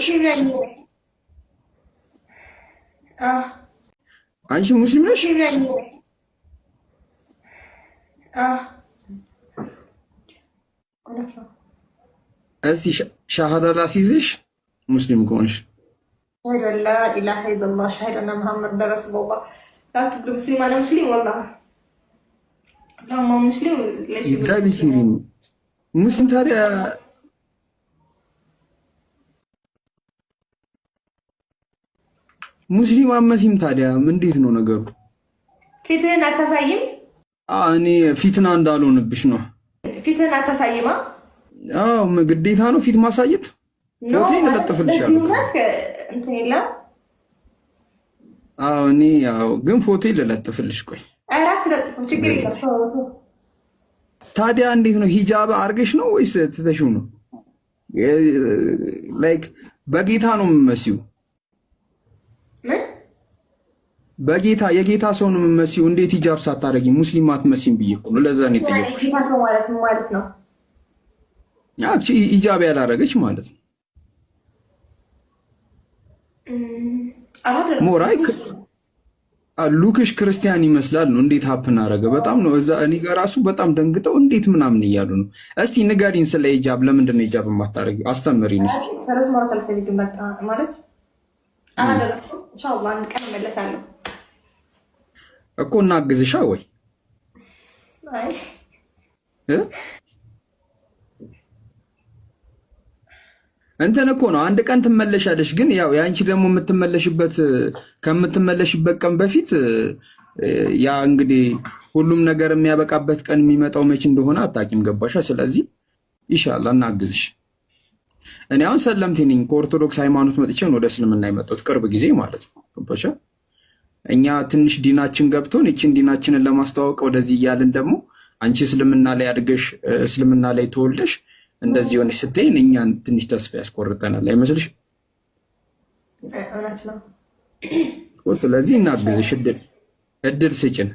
musimy. A. Ansiu, musimy? Musimy. A. እስቲ ሻሃዳ ላስይዝሽ ሙስሊም ከሆንሽ ላ ኢላሀ ኢለላህ ሻሂድ አና መሐመድ ረሱሉላህ ላትብሉ ሙስሊም አለ ሙስሊም ወላሂ ላማ ሙስሊም ለሽ ሙስሊም ታዲያ ሙስሊም አመሲም ታዲያ እንዴት ነው ነገሩ? ፊትህን አታሳይም። እኔ ፊትና እንዳልሆንብሽ ነው። ፊትህን አታሳይማ። ግዴታ ነው ፊት ማሳየት። ፎቴን እለጥፍልሻለሁ። እኔ ያው ግን ፎቴን ልለጥፍልሽ። ቆይ ችግር የለም። ታዲያ እንዴት ነው? ሂጃብ አርገሽ ነው ወይስ ትተሽው ነው? ላይክ በጌታ ነው የምመሲው በጌታ የጌታ ሰውን መሲው እንዴት ሂጃብ ሳታደርጊ ሙስሊም አትመሲም ብዬ እኮ ነው። ለዛ ነው ያቺ ሂጃብ ያላረገች ማለት ነው። ሞራይ ሉክሽ ክርስቲያን ይመስላል ነው። እንዴት ሀፕን አረገ? በጣም ነው እዛ እኔ ጋር ራሱ በጣም ደንግጠው እንዴት ምናምን እያሉ ነው። እስቲ ንገሪን ስለ ሂጃብ፣ ለምንድን ነው ሂጃብ የማታደርጊው? አስተምሪን እስቲ። ሰረት ማለት አልፈልግም ማለት አላደረኩም። ኢንሻአላህ አንድ ቀን እመለሳለሁ። እኮ እናግዝሻ ወይ እንትን እኮ ነው። አንድ ቀን ትመለሻለሽ። ግን ያው የአንቺ ደግሞ የምትመለሽበት ከምትመለሽበት ቀን በፊት ያ እንግዲህ ሁሉም ነገር የሚያበቃበት ቀን የሚመጣው መች እንደሆነ አታውቂም። ገባሻ? ስለዚህ ይሻላ እናግዝሽ። እኔ አሁን ሰለምቴ ነኝ። ከኦርቶዶክስ ሃይማኖት መጥቼ ወደ እስልምና የመጣሁት ቅርብ ጊዜ ማለት ነው። ገባሻ? እኛ ትንሽ ዲናችን ገብቶን ይችን ዲናችንን ለማስተዋወቅ ወደዚህ እያልን ደግሞ አንቺ እስልምና ላይ አድገሽ እስልምና ላይ ተወልደሽ እንደዚህ ሆነሽ ስትይን እኛን ትንሽ ተስፋ ያስቆርጠናል አይመስልሽ? ስለዚህ እናግዝሽ፣ እድል እድል ስጭን።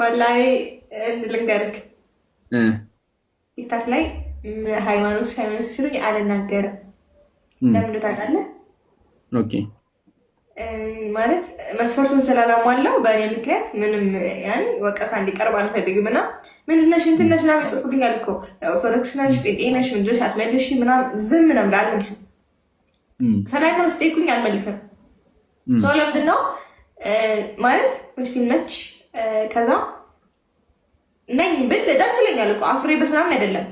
ወላሂ ልንገርህ ቲክታክ ላይ ሃይማኖት ሃይማኖት ሲሉኝ አልናገርም። ለምን ታውቃለህ? ማለት መስፈርቱን ስላላሟላው በእኔ ምክንያት ምንም ያን ወቀሳ እንዲቀርብ አልፈልግም። እና ምንድነሽ እንትነሽ ምናምን ጽፉልኛል እኮ ኦርቶዶክስ ነሽ፣ ጴጤ ነሽ፣ ምንድነሽ አትመልሽ ምናምን ዝም ነው ብላ አልመልስም። ሰላይ ነው ስጠይቁኝ አልመልስም። ሰው ለምንድን ነው ማለት ሙስሊም ነች ከዛ ነኝ ብል ደስ ይለኛል እኮ አፍሬበት ምናምን አይደለም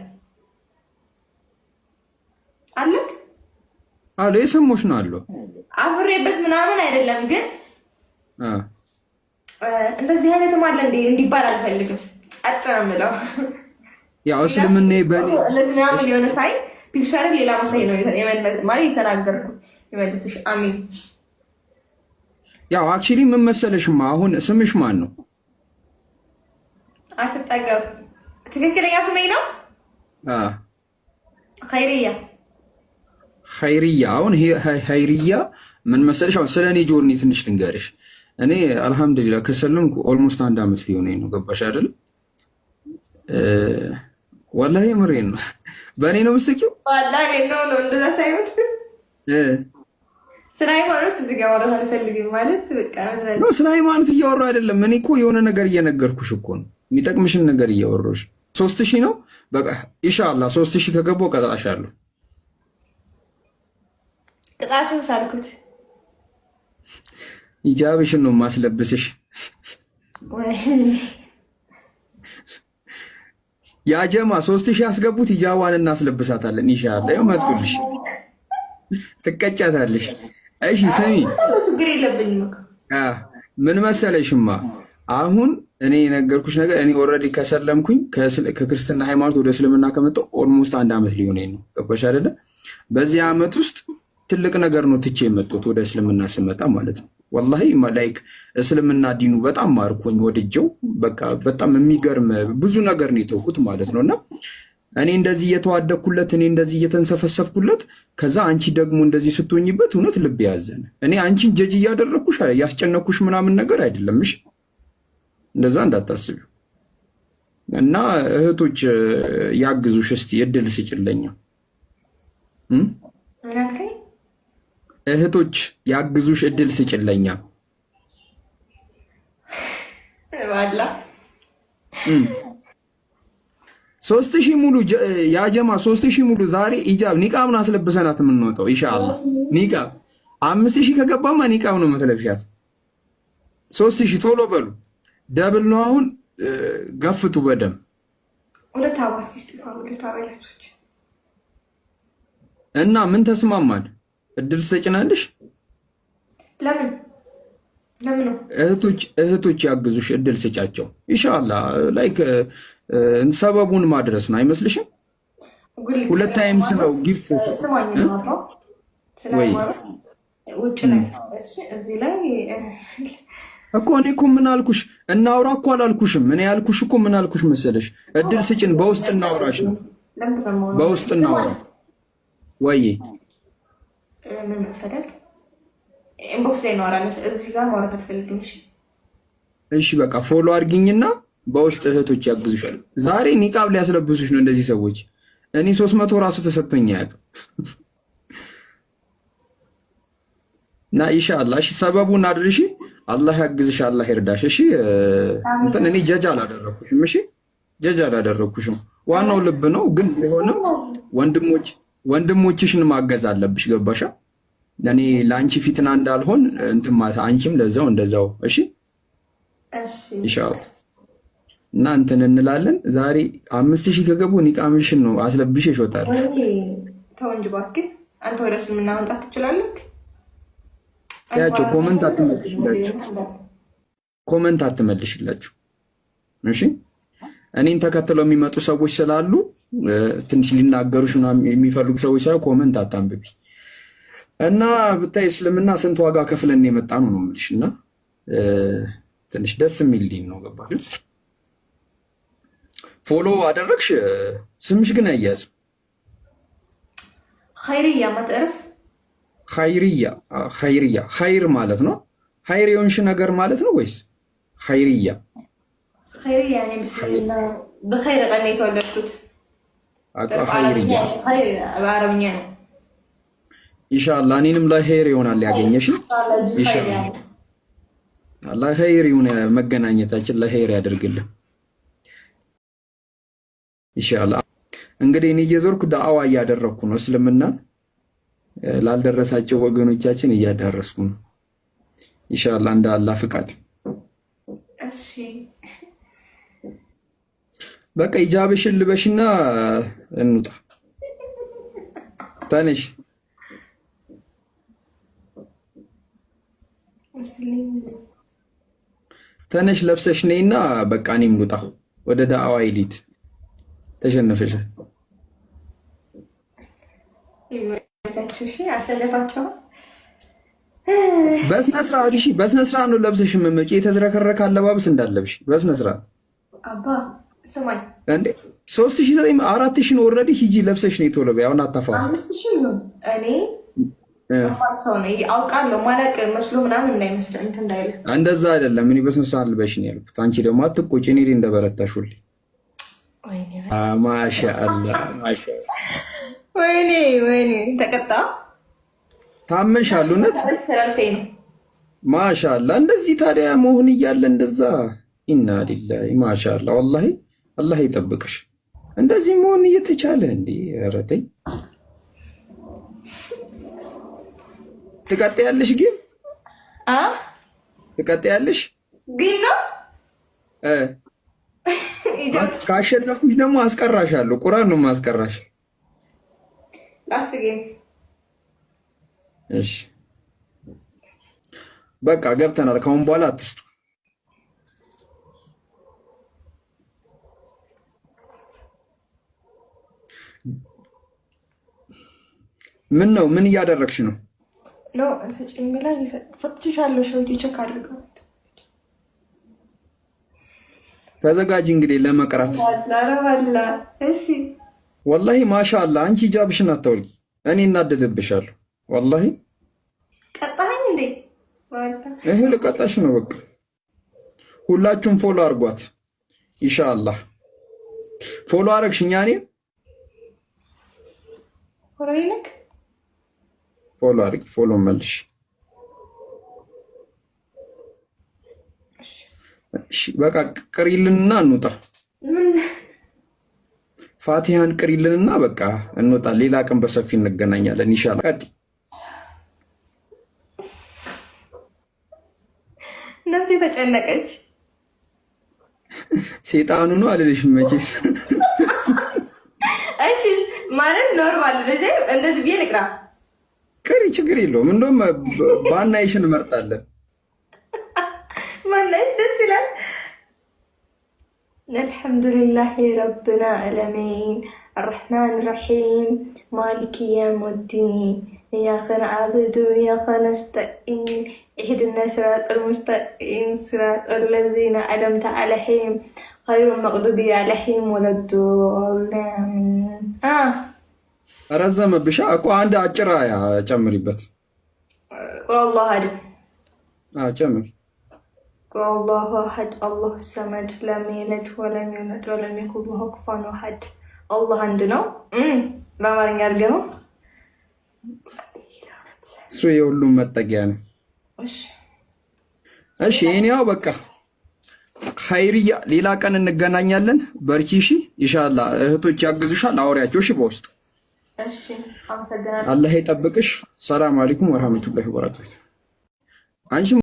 አለ የሰሞች ነው አለ አፍሬበት ምናምን አይደለም፣ ግን እንደዚህ አይነትም አለ እንዴ እንዲባል አልፈልግም። ጸጥ ነው የምለው። ያው እስልምና ምናምን የሆነ ሳይ ፒክቸር ሌላ መሳይ ነው ማለት የተናገርኩ የመለስሽ አሚን። ያው አክቹሊ ምን መሰለሽማ፣ አሁን ስምሽ ማን ነው? አትጠገብ ትክክለኛ ስሜ ነው። ኸይርያ ሀይርያ አሁን ሀይርያ ምን መሰለሽ፣ አሁን ስለ እኔ ጆርኒ ትንሽ ልንገርሽ። እኔ አልሐምዱሊላ ከሰለምኩ ኦልሞስት አንድ አመት ሊሆነኝ ነው። ገባሽ አይደል? ወላ ምሬ ነው። በእኔ ነው ምስኪ ስለ ሃይማኖት እዚህ ስለ ሃይማኖት አይደለም። እኔ እኮ የሆነ ነገር እየነገርኩሽ እኮ ነው የሚጠቅምሽን ነገር እያወራሁሽ። ሶስት ሺህ ነው በቃ ኢንሻላህ ሶስት ሺህ ከገባሁ ቀጣሻለሁ። ቅጣቱን ሳልኩት ሂጃብሽን ነው ማስለብስሽ። ያጀማ ሶስት ሺህ ያስገቡት ሂጃቧን እናስለብሳታለን። ይሻለ ይኸው መጡልሽ፣ ትቀጫታለሽ። እሺ ስሚ፣ ምን መሰለሽማ አሁን እኔ የነገርኩሽ ነገር እኔ ኦልሬዲ ከሰለምኩኝ ከክርስትና ሃይማኖት ወደ እስልምና ከመጣሁ ኦልሞስት አንድ ዓመት ሊሆነኝ ነው። ገባሽ አይደለ? በዚህ ዓመት ውስጥ ትልቅ ነገር ነው ትቼ የመጡት ወደ እስልምና ስመጣ ማለት ነው። ወላሂ ላይክ እስልምና ዲኑ በጣም ማርኮኝ ወድጀው በቃ በጣም የሚገርም ብዙ ነገር ነው የተውኩት ማለት ነው። እና እኔ እንደዚህ እየተዋደኩለት፣ እኔ እንደዚህ እየተንሰፈሰፍኩለት፣ ከዛ አንቺ ደግሞ እንደዚህ ስትሆኝበት እውነት ልብ ያዘን። እኔ አንቺን ጀጅ እያደረግኩሽ ያስጨነኩሽ ምናምን ነገር አይደለም። እሺ እንደዛ እንዳታስቢ እና እህቶች ያግዙሽ እስቲ እድል ስጭለኛ እህቶች ያግዙሽ እድል ስጭለኛ ሶስት ሺህ ሙሉ ያጀማ ሶስት ሺህ ሙሉ ዛሬ ኢጃብ ኒቃብን አስለብሰናት የምንወጣው ኢንሻአላህ። ኒቃብ አምስት ሺህ ከገባማ ኒቃብ ነው መተለብሻት። ሶስት ሺህ ቶሎ በሉ፣ ደብል ነው አሁን ገፍቱ በደም እና ምን ተስማማን? እድል ትሰጭናለሽ። ለምን እህቶች እህቶች ያግዙሽ፣ እድል ስጫቸው። ኢንሻላ ላይክ ሰበቡን ማድረስ ነው አይመስልሽም? ሁለት ታይም ስለው ጊፍት ወይ እኮ እኔ እኮ ምን አልኩሽ? እናውራ እኮ አላልኩሽም። እኔ ያልኩሽ እኮ ምን አልኩሽ መሰለሽ? እድል ስጭን፣ በውስጥ እናውራሽ ነው። በውስጥ እናውራ ወይ ምን መሰለህ ኢንቦክስ ላይ እናወራለን። እዚህ ጋር ማውራት አልፈልግም። እሺ እሺ፣ በቃ ፎሎ አድርጊኝና በውስጥ እህቶች ያግዙሻል። ዛሬ ኒቃብ ሊያስለብሱሽ ነው እንደዚህ ሰዎች። እኔ ሶስት መቶ ራሱ ተሰጥቶኝ አያውቅም። እና ኢንሻአላህ እሺ፣ ሰበቡን አድርሺ። አላህ ያግዝሽ፣ አላህ ይርዳሽ። እሺ እንትን እኔ ጀጃ አላደረግኩሽም። እሺ ጀጃ አላደረግኩሽም። ዋናው ልብ ነው ግን ቢሆንም ወንድሞች ወንድሞችሽን ማገዝ አለብሽ። ገባሻ? እኔ ለአንቺ ፊትና እንዳልሆን እንትን ማለት አንቺም ለዛው እንደዛው። እሺ ይሻላል እና እንትን እንላለን። ዛሬ አምስት ሺህ ከገቡ ኒቃምሽን ነው አስለብሽ ይሾጣል። ተው እንጂ እባክህ አንተ ወደ ስምና መምጣት ትችላለህ። ያቸው ኮመንት አትመልሽላችሁ፣ ኮመንት አትመልሽላችሁ። እሺ እኔን ተከትለው የሚመጡ ሰዎች ስላሉ ትንሽ ሊናገሩሽ የሚፈልጉ ሰዎች ስላሉ ኮመንት አታንብቢ እና ብታይ እስልምና ስንት ዋጋ ከፍለን የመጣ ነው ነው የምልሽ። እና ትንሽ ደስ የሚል ዲን ነው ገባ። ፎሎ አደረግሽ፣ ስምሽ ግን አያያዝም። ኸይርያ መጥረፍ ኸይርያ ኸይርያ ኸይር ማለት ነው። ኸይር የሆንሽ ነገር ማለት ነው ወይስ ኸይርያ ኸይር ያኔ በኸይር ቀን የተወለድኩት በአረብኛ ነው። ኢንሻአላህ እኔንም ለኸይር ይሆናል ያገኘሽ። ኢንሻአላህ ኸይር ይሁን መገናኘታችን፣ ለኸይር ያደርግልን ኢንሻአላህ። እንግዲህ እኔ እየዞርኩ ዳዕዋ እያደረግኩ ነው። እስልምና ላልደረሳቸው ወገኖቻችን እያዳረስኩ ነው። ኢንሻአላህ እንደ አላህ ፍቃድ። እሺ በቃ ኢጃብሽን ልበሽና እንውጣ። ተነሽ ተነሽ ለብሰሽ ነይና በቃ እኔም ልውጣ ወደ ዳዕዋ ኤሊት ተሸነፈሽ። በስነ ስርዓት እሺ፣ በስነ ስርዓት ነው ለብሰሽ መመጪ። የተዝረከረከ አለባበስ እንዳለብሽ በስነ ስርዓት አባ እንዴ ሶስት ሺ ዘጠኝ አራት ሺን ወረድ ሂጂ ለብሰሽ ነው የቶሎ በይ። አታፋ አምስት ሺ ነው እኔ ሰው ማለቅ መስሎ ምናምን እንዳይመስል እንትን እንዳይል እንደዛ አይደለም። እኔ በስንት ሰዓት ልበሽ ነው ያልኩት። አንቺ ደግሞ አትቆጭ። እኔ ላይ እንደበረታሹልኝ። ማሻአላ ወይኔ ወይኔ ተቀጣ ታመሻል። እውነት ማሻአላ። እንደዚህ ታዲያ መሆን እያለ እንደዛ ኢና ሊላሂ ማሻአላ ወላሂ አላህ ይጠብቅሽ። እንደዚህ መሆን እየተቻለ እንዲ ረተኝ ትቀጥያለሽ ግን ትቀጥያለሽ ግን ነው ካሸነፍኩሽ ደግሞ አስቀራሻለሁ። ቁራን ነው ማስቀራሽ። ላስት እሺ በቃ ገብተናል። ከአሁን በኋላ አትስጡ። ምን ነው? ምን እያደረግሽ ነው? ተዘጋጅ እንግዲህ ለመቅራት። ወላሂ ማሻላ አንቺ ጃብሽን አታውልቂ። እኔ እናደድብሻለሁ። ወላሂ ቀጣኝ እንዴ? ይሄ ልቀጣሽ ነው በቃ። ሁላችሁም ፎሎ አድርጓት። ኢንሻአላህ ፎሎ አረግሽኛ እኔ ከማትኮረው ይልቅ ፎሎ አድርጊ። ፎሎ መልሽ። በቃ ቅሪልንና እንውጣ። ፋቲሃን ቅሪልንና በቃ እንውጣ። ሌላ ቀን በሰፊ እንገናኛለን ይሻላል። ቀጥይ ነፍሴ ተጨነቀች። ሴጣኑ ነው አልልሽም መቼስ ማለት ኖርማል እንደዚህ ብዬ ልቅራ ቅሪ፣ ችግር የለውም። እንደውም ባናይሽን እመርጣለን። ባናይሽ ደስ ይላል። አልሐምዱሊላህ ረብና አለሚን አርሕማን ረሒም ማሊክ የውመዲን ኢያከ ነዕቡዱ ወኢያከ ነስተዒን اهدنا الصراط المستقيم صراط الذين أنعمت عليهم غير المغضوب عليهم ولا الضالين ብሻ እኮ አንድ አጭር አያ ጨምሪበት። ቁልላሁ አድ ጨምሪ። ቁልላሁ አድ አላሁ ሰመድ ለም የልድ ወለም ዩለድ ወለም የኩን ለሁ ኩፉወን አላህ አንድ ነው። በአማርኛ አድርገው። እሱ የሁሉም መጠጊያ ነው። እሺ እኔው በቃ ሀይርያ ሌላ ቀን እንገናኛለን። በርቺ እሺ። ኢንሻአላህ እህቶች ያግዙሻል። አውሪያቸው እሺ በውስጥ እሺ። አመሰግናለሁ። አላህ ይጠብቅሽ። ሰላም አለይኩም ወራህመቱላሂ ወበረካቱ። አንቺ